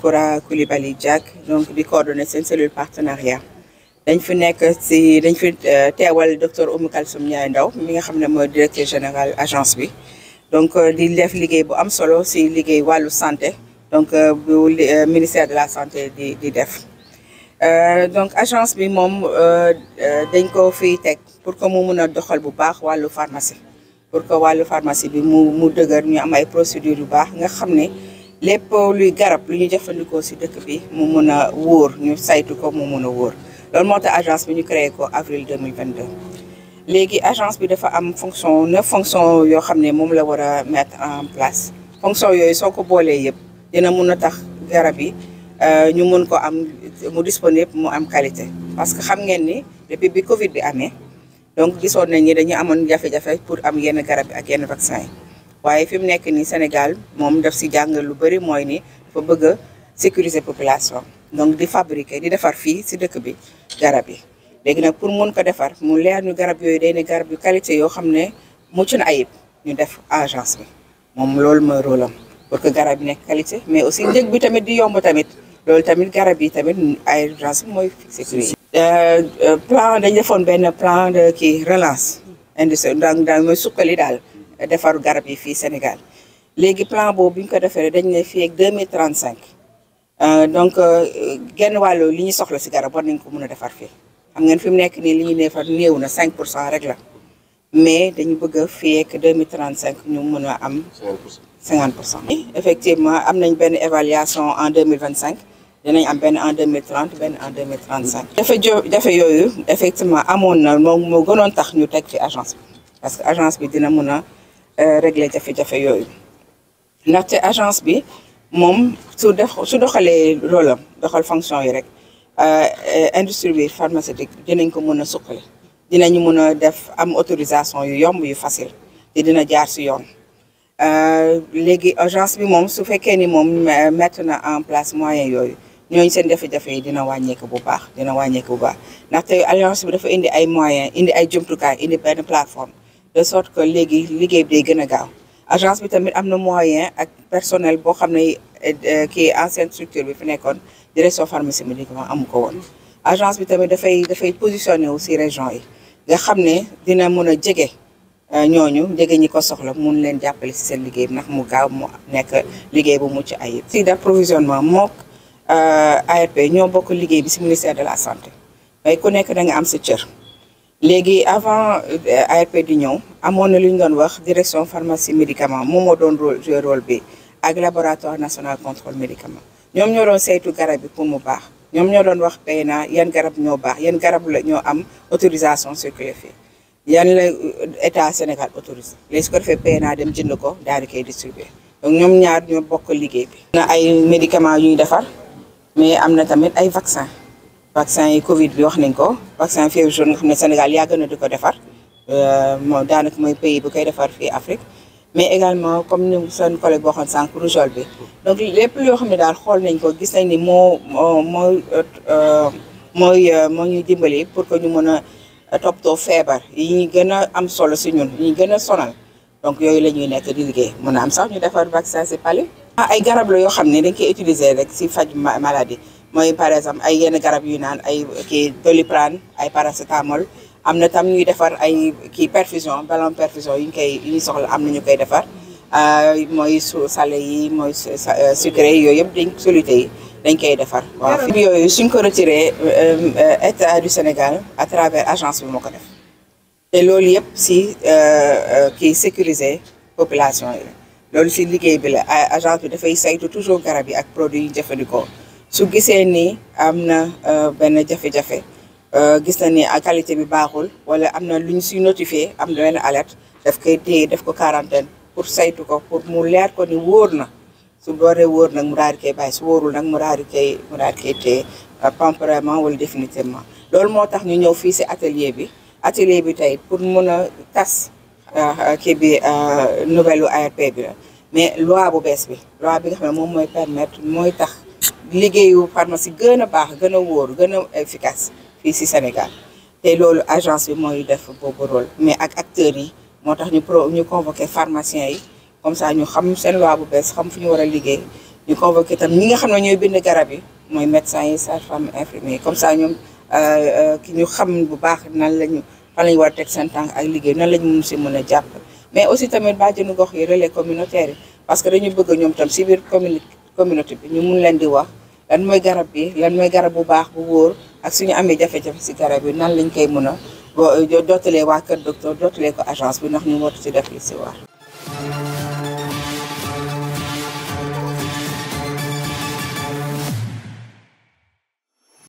Koura Koulibaly Diack donc di coordonner seen cellule partenariat dañ fi nekk si dañ fi euh, teewal docteur Oumou Kalsoum Ndiaye Ndaw mi nga xam ne mooy directeur général agence bi donc euh, di def liggéey bu am solo si liggéey wàllu santé donc euh, bu ministère de la santé di di def donc agence bi moom dañ ko fi teg pour que mu mun a doxal bu baax wàllu pharmacie pour que wàllu pharmacie bi mu mu dëgër ñu am ay procédures yu baax nga xam ni lépp luy garab lu ñu jëfandikoo si dëkk bi mu mun a wóor ñu saytu ko mu mun a wóor loolu moo tax agence bi ñu créé ko avril 2022 léegi agence bi dafa am fonction neuf fonction yoo xam ne moom la war a mettre en place fonction yooyu soo ko boolee yëpp dina mun a tax garab yi euh, ñu mun ko am mu disponible mu am qualité parce que xam ngeen ni depuis bi Covid bi amee donc gisoon nañ ni dañu amoon jafe-jafe pour am yenn garab bi ak yenn vaccin yi waaye fi mu nekk nii Sénégal moom def si jàngal lu bari mooy nii dafa bëgg a sécuriser population donc di fabriquer di defar fii si dëkk bi garab yi léegi nag pour mun ko defar mu leer ñu garab yooyu day ne garab yu qualité yoo xam ne mucc na ayib ñu def agence bi moom loolu mooy rôle am pour que garab yi nekk qualité mais aussi njëg bi tamit di yomb tamit loolu tamit garab yi tamit agence bi mooy fixé prix euh, euh, plan dañ defoon benn plan de kii relance indi daan daan mooy defar garab yi fii Sénégal léegi plan boobu bi ñu ko defee dañ ne fii ak 2035 euh, donc euh, genn wàllu li ñu soxla si garab war nañ ko mën a defar fii xam ngeen fi mu nekk nii li ñu defar néew na 5 pour cent rek la mais dañu bëgg a fii ak 2035 ñu mën a am 50 pour cent effectivement am nañ benn évaluation en 2025 dinañ am benn en 2030 benn en 2035 jafe jo jafe yooyu effectivement amoon na moo moo gënoon tax ñu teg fi agence bi parce que agence bi dina mun a régler jafe-jafe yooyu ndaxte agence bi moom su def su doxalee rôle doxal fonction yi rek euh, industrie bi pharmaceutique dinañ ko mën a suqali dinañu mën a def am autorisation yu yomb yu facile te dina jaar si yoon euh, léegi agence bi moom su fekkee ni moom euh, mettre na en place moyen yooyu ñooñu seen jafe-jafe yi dina wàññeeku bu baax dina wàññeeku bu baax ndaxte agence bi dafa indi ay moyens indi ay jumtukaay indi benn plateforme de sorte que léegi liggéey bi day gën a gaaw agence bi tamit am na moyen ak personnel boo xam ne kii euh, ancienne structure bi fi nekkoon direction pharmacie médicament amu ko woon agence bi tamit dafay dafay positionné aussi région yi nga xam ne dina mun a jege euh, ñooñu jege ñi ko soxla mun leen jàppale si seen liggéey bi ndax mu gaaw mu nekk liggéey bu mucc ay ayib si d'approvisionnement mook euh, ARP ñoo bokk liggéey bi si ministère de la santé may ku nekk da am sa léegi avant euh, ARP di ñëw amoon na lu ñu doon wax direction pharmacie médicament moom moo doon jouer rôle bi ak laboratoire national contrôle médicament ñoom ñoo doon saytu garab bi pour mu baax ñoom ñoo doon wax PNA yan garab ñoo baax yan garab la ñoo am autorisation circuler fii yan la euh, état Sénégal autorise léegi su ko defee PNA dem jënd ko daal di koy distribuer donc ñoom ñaar ñoo bokk liggéey bi. na ay médicament yu ñu defar mais am na tamit ay vaccin vaccin yi Covid bi wax nañ ko vaccin fièvre jaune nga xam ne Sénégal yàgg na di ko defar euh, moom daanaka mooy pays bu koy defar fii Afrique mais également comme ni seen collègue boo xam sànq rougeole bi donc lépp yoo xam ne daal xool nañ ko gis nañ ni moo moo mooy euh, mooy euh, moo ñuy dimbali pour que ñu mën a toppatoo feebar yi ñu gën a am solo si ñun yi gën a sonal donc yooyu la ñuy nekk di liggéey mën a am sax ñu defar vaccin si pali ah, ay garab la yoo xam ne dañ koy utiliser rek si faj maladie mooy par exemple ay yenn garab yu naan ay kii doliprane ay paracétamol am na tam ñuy defar ay kii perfusion ballon perfusion yu ñu koy yu ñu soxla am na ñu koy defar euh, mooy su salé yi mooy euh, sucré yi yooyu yëpp dañ soluté yi dañ koy defar waaw fi yooyu suñ ko retiré euh, état du Sénégal à travers agence bi moo ko def te loolu yëpp si kii sécuriser population yi loolu si liggéey bi la agence bi dafay saytu toujours garab yi ak produit yi jëfandikoo su gisee nii am na euh, benn jafe-jafe euh, gis na ni qualité bi baaxul wala am na lu ñu si notifié am na benn alerte daf koy téye def ko quarantaine pour saytu ko pour mu leer ko ni wóor na su dooree wóor nag mu daal di koy bàyyi su wóorul nag mu daal di koy mu daal di koy téye euh, temporairement loolu moo tax ñu ñëw fii si atelier bi atelier bi tey pour mun a tas kii bi nouvelle ARP bi la mais loi bu bees bi loi bi nga xam ne moom mooy permettre mooy tax liggéeyu pharmacie gën a baax gën a wóor gën a efficace fii si Sénégal te loolu agence bi mooy def boobu rôle mais ak acteurs yi moo tax ñu pro ñu convoqué pharmaciens yi comme ça ñu xam seen loi bu bees xam fu ñu war a liggéey ñu convoqué tam ñi nga xam ne ñooy bind garab yi mooy médecins yi sages-femmes infirmiers comme ça ñoom euh, euh, ki ñu xam bu baax nan lañu fan lañu war a teg seen tànk ak liggéey nan lañu mun si mën a jàpp mais aussi tamit bàjjenu gox yi relais communautaire yi parce que ñoom tam si biir commune communauté bi ñu mun leen di wax lan mooy garab bi lan mooy garab bu baax bu wóor ak suñu amee jafe-jafe si garab yi nan lañ koy mun a dootalee waa kër docteur dootalee ko agence bi ndax ñu wootu ci def li si war